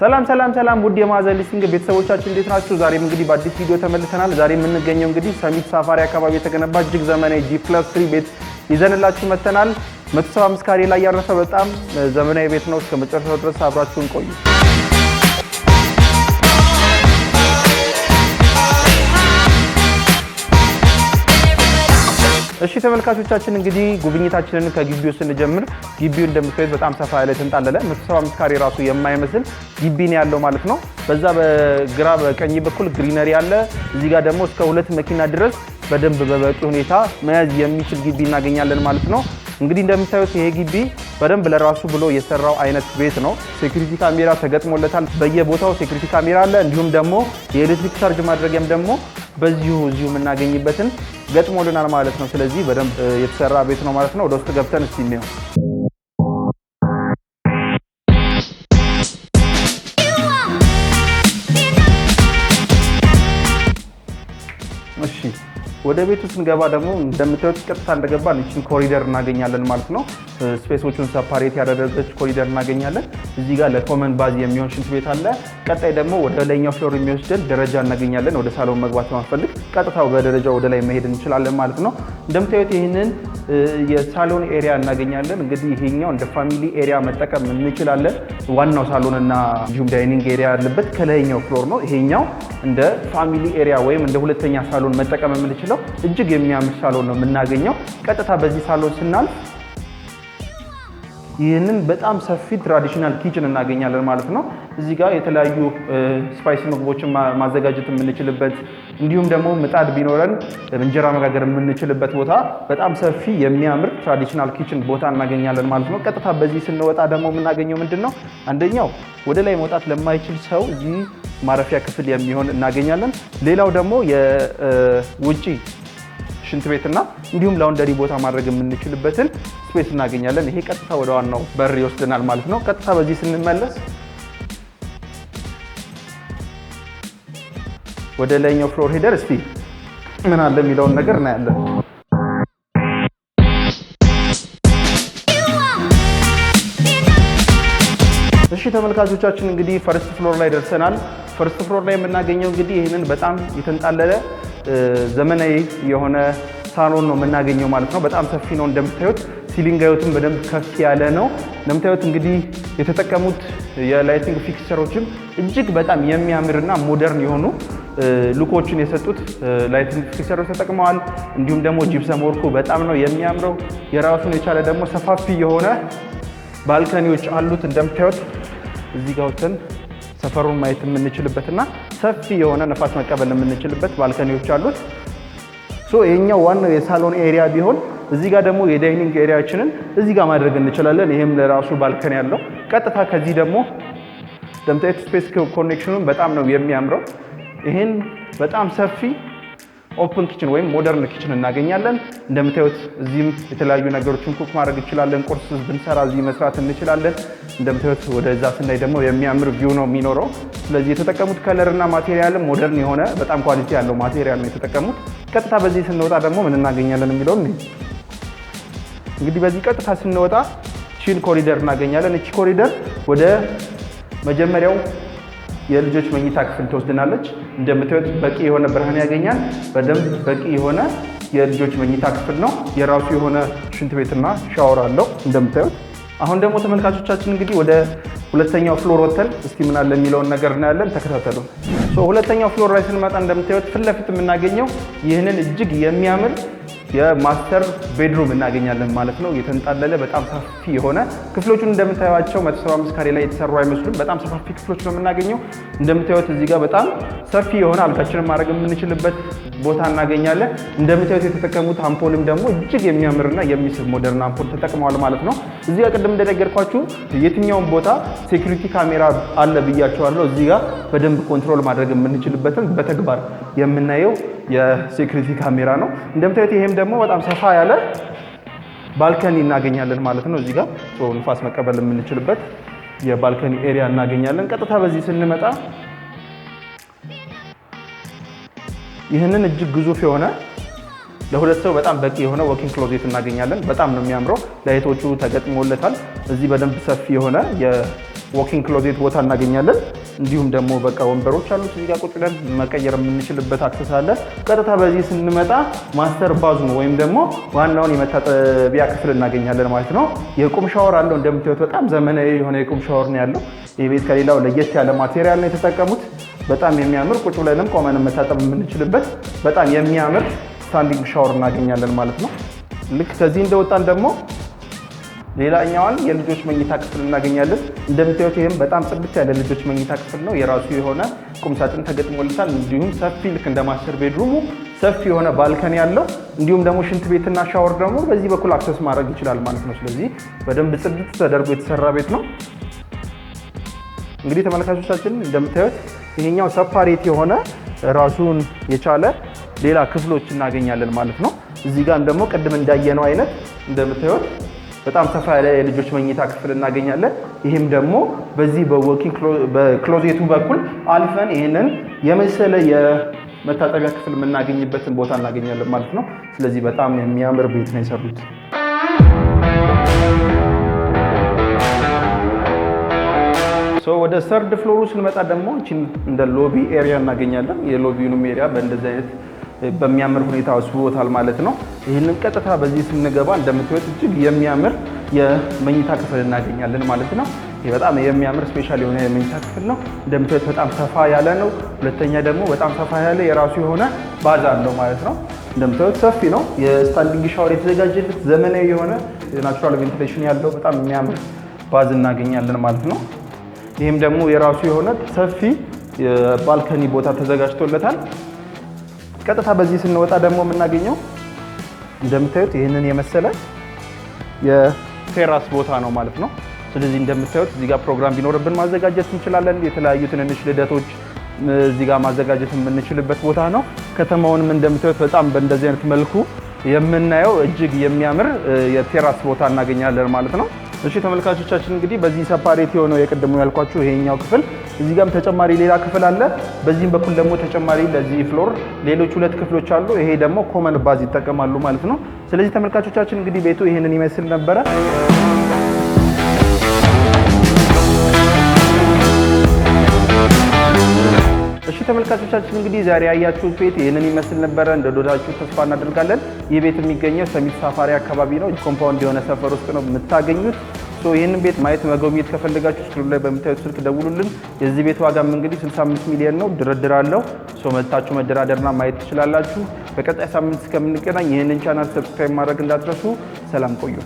ሰላም ሰላም ሰላም ውድ የማዘን ሊስቲንግ ቤተሰቦቻችን እንዴት ናችሁ? ዛሬም እንግዲህ በአዲስ ቪዲዮ ተመልሰናል። ዛሬ የምንገኘው እንግዲህ ሰሚት ሳፋሪ አካባቢ የተገነባ እጅግ ዘመናዊ ጂ ፕላስ ትሪ ቤት ይዘንላችሁ መጥተናል። 175 ካሬ ላይ ያረፈ በጣም ዘመናዊ ቤት ነው። እስከ መጨረሻው ድረስ አብራችሁን ቆዩ። እሺ ተመልካቾቻችን እንግዲህ ጉብኝታችንን ከግቢው ስንጀምር ግቢው እንደምታዩት በጣም ሰፋ ያለ የተንጣለለ 175 ካሬ ራሱ የማይመስል ግቢ ነው ያለው ማለት ነው። በዛ በግራ በቀኝ በኩል ግሪነሪ አለ። እዚህ ጋር ደግሞ እስከ ሁለት መኪና ድረስ በደንብ በበቂ ሁኔታ መያዝ የሚችል ግቢ እናገኛለን ማለት ነው። እንግዲህ እንደምታዩት ይሄ ግቢ በደንብ ለራሱ ብሎ የሰራው አይነት ቤት ነው። ሴኩሪቲ ካሜራ ተገጥሞለታል። በየቦታው ሴኩሪቲ ካሜራ አለ። እንዲሁም ደግሞ የኤሌክትሪክ ቻርጅ ማድረጊያም ደግሞ በዚሁ እዚሁ የምናገኝበትን ገጥሞልናል ማለት ነው። ስለዚህ በደንብ የተሰራ ቤት ነው ማለት ነው። ወደ ውስጥ ገብተን እስቲ እንየው። ወደ ቤቱ ስንገባ ደግሞ እንደምታዩት ቀጥታ እንደገባን እችን ኮሪደር እናገኛለን ማለት ነው። ስፔሶቹን ሰፓሬት ያደረገች ኮሪደር እናገኛለን። እዚህ ጋር ለኮመን ባዝ የሚሆን ሽንት ቤት አለ። ቀጣይ ደግሞ ወደ ላይኛው ፍሎር የሚወስደን ደረጃ እናገኛለን። ወደ ሳሎን መግባት ማንፈልግ ቀጥታ በደረጃ ወደ ላይ መሄድ እንችላለን ማለት ነው። እንደምታዩት ይህንን የሳሎን ኤሪያ እናገኛለን። እንግዲህ ይሄኛው እንደ ፋሚሊ ኤሪያ መጠቀም እንችላለን። ዋናው ሳሎን እና እንዲሁም ዳይኒንግ ኤሪያ ያለበት ከላይኛው ፍሎር ነው። ይሄኛው እንደ ፋሚሊ ኤሪያ ወይም እንደ ሁለተኛ ሳሎን መጠቀም የምንችል ያለው እጅግ የሚያምር ሳሎን ነው የምናገኘው። ቀጥታ በዚህ ሳሎን ስናልፍ ይህንን በጣም ሰፊ ትራዲሽናል ኪችን እናገኛለን ማለት ነው። እዚህ ጋር የተለያዩ ስፓይሲ ምግቦችን ማዘጋጀት የምንችልበት እንዲሁም ደግሞ ምጣድ ቢኖረን እንጀራ መጋገር የምንችልበት ቦታ በጣም ሰፊ የሚያምር ትራዲሽናል ኪችን ቦታ እናገኛለን ማለት ነው። ቀጥታ በዚህ ስንወጣ ደግሞ የምናገኘው ምንድን ነው? አንደኛው ወደ ላይ መውጣት ለማይችል ሰው ማረፊያ ክፍል የሚሆን እናገኛለን። ሌላው ደግሞ የውጪ ሽንት ቤትና እንዲሁም ላውንደሪ ቦታ ማድረግ የምንችልበትን ስፔስ እናገኛለን። ይሄ ቀጥታ ወደ ዋናው በር ይወስደናል ማለት ነው። ቀጥታ በዚህ ስንመለስ ወደ ላይኛው ፍሎር ሄደር እስቲ ምን አለ የሚለውን ነገር እናያለን። እሺ ተመልካቾቻችን እንግዲህ ፈርስት ፍሎር ላይ ደርሰናል። ፈርስት ፍሎር ላይ የምናገኘው እንግዲህ ይህንን በጣም የተንጣለለ ዘመናዊ የሆነ ሳሎን ነው የምናገኘው ማለት ነው። በጣም ሰፊ ነው እንደምታዩት። ሲሊንጋዩትም በደንብ ከፍ ያለ ነው እንደምታዩት። እንግዲህ የተጠቀሙት የላይቲንግ ፊክስቸሮችም እጅግ በጣም የሚያምርና ሞደርን የሆኑ ሉኮችን የሰጡት ላይቲንግ ፊክስቸሮች ተጠቅመዋል። እንዲሁም ደግሞ ጂፕሰም ወርኩ በጣም ነው የሚያምረው። የራሱን የቻለ ደግሞ ሰፋፊ የሆነ ባልከኒዎች አሉት እንደምታዩት እዚህ ጋር ወጥተን ሰፈሩን ማየት የምንችልበትና ሰፊ የሆነ ነፋስ መቀበል የምንችልበት ባልከኒዎች አሉት። ሶ ይሄኛው ዋናው የሳሎን ኤሪያ ቢሆን እዚህ ጋር ደግሞ የዳይኒንግ ኤሪያችንን እዚህ ጋር ማድረግ እንችላለን። ይህም ለራሱ ባልከን ያለው ቀጥታ ከዚህ ደግሞ ደምታየት ስፔስ ኮኔክሽኑን በጣም ነው የሚያምረው። ይህን በጣም ሰፊ ኦፕን ኪችን ወይም ሞደርን ኪችን እናገኛለን። እንደምታዩት እዚህም የተለያዩ ነገሮችን ኩክ ማድረግ እንችላለን። ቁርስ ብንሰራ እዚህ መስራት እንችላለን። እንደምታዩት ወደዛ ስናይ ደግሞ የሚያምር ቪው ነው የሚኖረው። ስለዚህ የተጠቀሙት ከለርና ማቴሪያልም ሞደርን የሆነ በጣም ኳሊቲ ያለው ማቴሪያል ነው የተጠቀሙት። ቀጥታ በዚህ ስንወጣ ደግሞ ምን እናገኛለን የሚለውን እንግዲህ በዚህ ቀጥታ ስንወጣ ቺን ኮሪደር እናገኛለን። እቺ ኮሪደር ወደ መጀመሪያው የልጆች መኝታ ክፍል ትወስድናለች። እንደምታዩት በቂ የሆነ ብርሃን ያገኛል። በደንብ በቂ የሆነ የልጆች መኝታ ክፍል ነው። የራሱ የሆነ ሽንት ቤትና ሻወር አለው እንደምታዩት። አሁን ደግሞ ተመልካቾቻችን እንግዲህ ወደ ሁለተኛው ፍሎር ወተን እስቲ ምን አለ የሚለውን ነገር እናያለን። ተከታተሉ። ሁለተኛው ፍሎር ላይ ስንመጣ እንደምታዩት ፊት ለፊት የምናገኘው ይህንን እጅግ የሚያምር የማስተር ቤድሩም እናገኛለን ማለት ነው። የተንጣለለ በጣም ሰፊ የሆነ ክፍሎቹን እንደምታዩቸው 175 ካሬ ላይ የተሰሩ አይመስሉም። በጣም ሰፋፊ ክፍሎች ነው የምናገኘው። እንደምታዩት እዚህ ጋር በጣም ሰፊ የሆነ አልጋችንን ማድረግ የምንችልበት ቦታ እናገኛለን። እንደምታዩት የተጠቀሙት አምፖልም ደግሞ እጅግ የሚያምርና የሚስብ ሞደርን አምፖል ተጠቅመዋል ማለት ነው። እዚህ ጋር ቅድም እንደነገርኳችሁ የትኛውን ቦታ ሴኩሪቲ ካሜራ አለ ብያቸዋለሁ። እዚህ ጋር በደንብ ኮንትሮል ማድረግ የምንችልበትን በተግባር የምናየው የሴኩሪቲ ካሜራ ነው። እንደምታዩት ይሄም ደግሞ በጣም ሰፋ ያለ ባልከኒ እናገኛለን ማለት ነው። እዚህ ጋር ንፋስ መቀበል የምንችልበት የባልከኒ ኤሪያ እናገኛለን። ቀጥታ በዚህ ስንመጣ ይህንን እጅግ ግዙፍ የሆነ ለሁለት ሰው በጣም በቂ የሆነ ወኪንግ ክሎዜት እናገኛለን። በጣም ነው የሚያምረው። ላይቶቹ ተገጥሞለታል። እዚህ በደንብ ሰፊ የሆነ የወኪንግ ክሎዜት ቦታ እናገኛለን። እንዲሁም ደግሞ በቃ ወንበሮች አሉት። እዚህ ጋር ቁጭ ብለን መቀየር የምንችልበት አክሰስ አለ። ቀጥታ በዚህ ስንመጣ ማስተር ባዙ ወይም ደግሞ ዋናውን የመታጠቢያ ክፍል እናገኛለን ማለት ነው። የቁም ሻወር አለው። እንደምታዩት በጣም ዘመናዊ የሆነ የቁም ሻወር ነው ያለው። ይህ ቤት ከሌላው ለየት ያለ ማቴሪያል ነው የተጠቀሙት። በጣም የሚያምር ቁጭ ብለንም ቆመንም መታጠብ የምንችልበት በጣም የሚያምር ስታንዲንግ ሻወር እናገኛለን ማለት ነው። ልክ ከዚህ እንደወጣን ደግሞ ሌላኛዋን የልጆች መኝታ ክፍል እናገኛለን። እንደምታዩት ይህም በጣም ጽድት ያለ ልጆች መኝታ ክፍል ነው። የራሱ የሆነ ቁምሳጥን ተገጥሞልታል እንዲሁም ሰፊ ልክ እንደ ማስተር ቤድሩሙ ሰፊ የሆነ ባልከን ያለው እንዲሁም ደግሞ ሽንት ቤትና ሻወር ደግሞ በዚህ በኩል አክሰስ ማድረግ ይችላል ማለት ነው። ስለዚህ በደንብ ጽድት ተደርጎ የተሰራ ቤት ነው። እንግዲህ ተመልካቾቻችን እንደምታዩት ይሄኛው ሰፓሬት የሆነ ራሱን የቻለ ሌላ ክፍሎች እናገኛለን ማለት ነው። እዚህ ጋም ደግሞ ቅድም እንዳየነው አይነት እንደምታዩት በጣም ሰፋ ያለ የልጆች መኝታ ክፍል እናገኛለን። ይህም ደግሞ በዚህ በወኪንግ በክሎዜቱ በኩል አልፈን ይህንን የመሰለ የመታጠቢያ ክፍል የምናገኝበትን ቦታ እናገኛለን ማለት ነው። ስለዚህ በጣም የሚያምር ቤት ነው የሰሩት። ወደ ሰርድ ፍሎሩ ስንመጣ ደግሞ እችን እንደ ሎቢ ኤሪያ እናገኛለን። የሎቢውንም ኤሪያ በእንደዚህ አይነት በሚያምር ሁኔታ አስውቦታል ማለት ነው። ይህንን ቀጥታ በዚህ ስንገባ እንደምትወት እጅግ የሚያምር የመኝታ ክፍል እናገኛለን ማለት ነው። ይህ በጣም የሚያምር ስፔሻል የሆነ የመኝታ ክፍል ነው። እንደምትወት በጣም ሰፋ ያለ ነው። ሁለተኛ ደግሞ በጣም ሰፋ ያለ የራሱ የሆነ ባዝ አለው ማለት ነው። እንደምታዩት ሰፊ ነው። የስታንዲንግ ሻወር የተዘጋጀለት ዘመናዊ የሆነ ናቹራል ቬንቲሌሽን ያለው በጣም የሚያምር ባዝ እናገኛለን ማለት ነው። ይህም ደግሞ የራሱ የሆነ ሰፊ ባልከኒ ቦታ ተዘጋጅቶለታል። ቀጥታ በዚህ ስንወጣ ደግሞ የምናገኘው እንደምታዩት ይህንን የመሰለ የቴራስ ቦታ ነው ማለት ነው። ስለዚህ እንደምታዩት እዚህ ጋር ፕሮግራም ቢኖርብን ማዘጋጀት እንችላለን። የተለያዩ ትንንሽ ልደቶች እዚህ ጋር ማዘጋጀት የምንችልበት ቦታ ነው። ከተማውንም እንደምታዩት በጣም በእንደዚህ አይነት መልኩ የምናየው እጅግ የሚያምር የቴራስ ቦታ እናገኛለን ማለት ነው። እሺ ተመልካቾቻችን እንግዲህ በዚህ ሰፓሬት የሆነው የቀደሙ ያልኳችሁ ይሄኛው ክፍል እዚህ ጋም ተጨማሪ ሌላ ክፍል አለ። በዚህም በኩል ደግሞ ተጨማሪ ለዚህ ፍሎር ሌሎች ሁለት ክፍሎች አሉ። ይሄ ደግሞ ኮመን ባዝ ይጠቀማሉ ማለት ነው። ስለዚህ ተመልካቾቻችን እንግዲህ ቤቱ ይህንን ይመስል ነበረ። ተመልካቾቻችን እንግዲህ ዛሬ ያያችሁት ቤት ይህንን ይመስል ነበረ። ዶዳችሁ ተስፋ እናደርጋለን። ይህ ቤት የሚገኘው ሰሚት ሳፋሪ አካባቢ ነው። ኮምፓውንድ የሆነ ሰፈር ውስጥ ነው የምታገኙት። ይህንን ቤት ማየት መጎብኘት ከፈለጋችሁ ስክሪኑ ላይ በምታዩት ስልክ ደውሉልን። የዚህ ቤት ዋጋም እንግዲህ 65 ሚሊዮን ነው። ድርድር አለው። ሰው መደራደርና ማየት ትችላላችሁ። በቀጣይ ሳምንት እስከምንገናኝ ይህንን ቻናል ሰብስክራይብ ማድረግ እንዳትረሱ። ሰላም ቆዩ።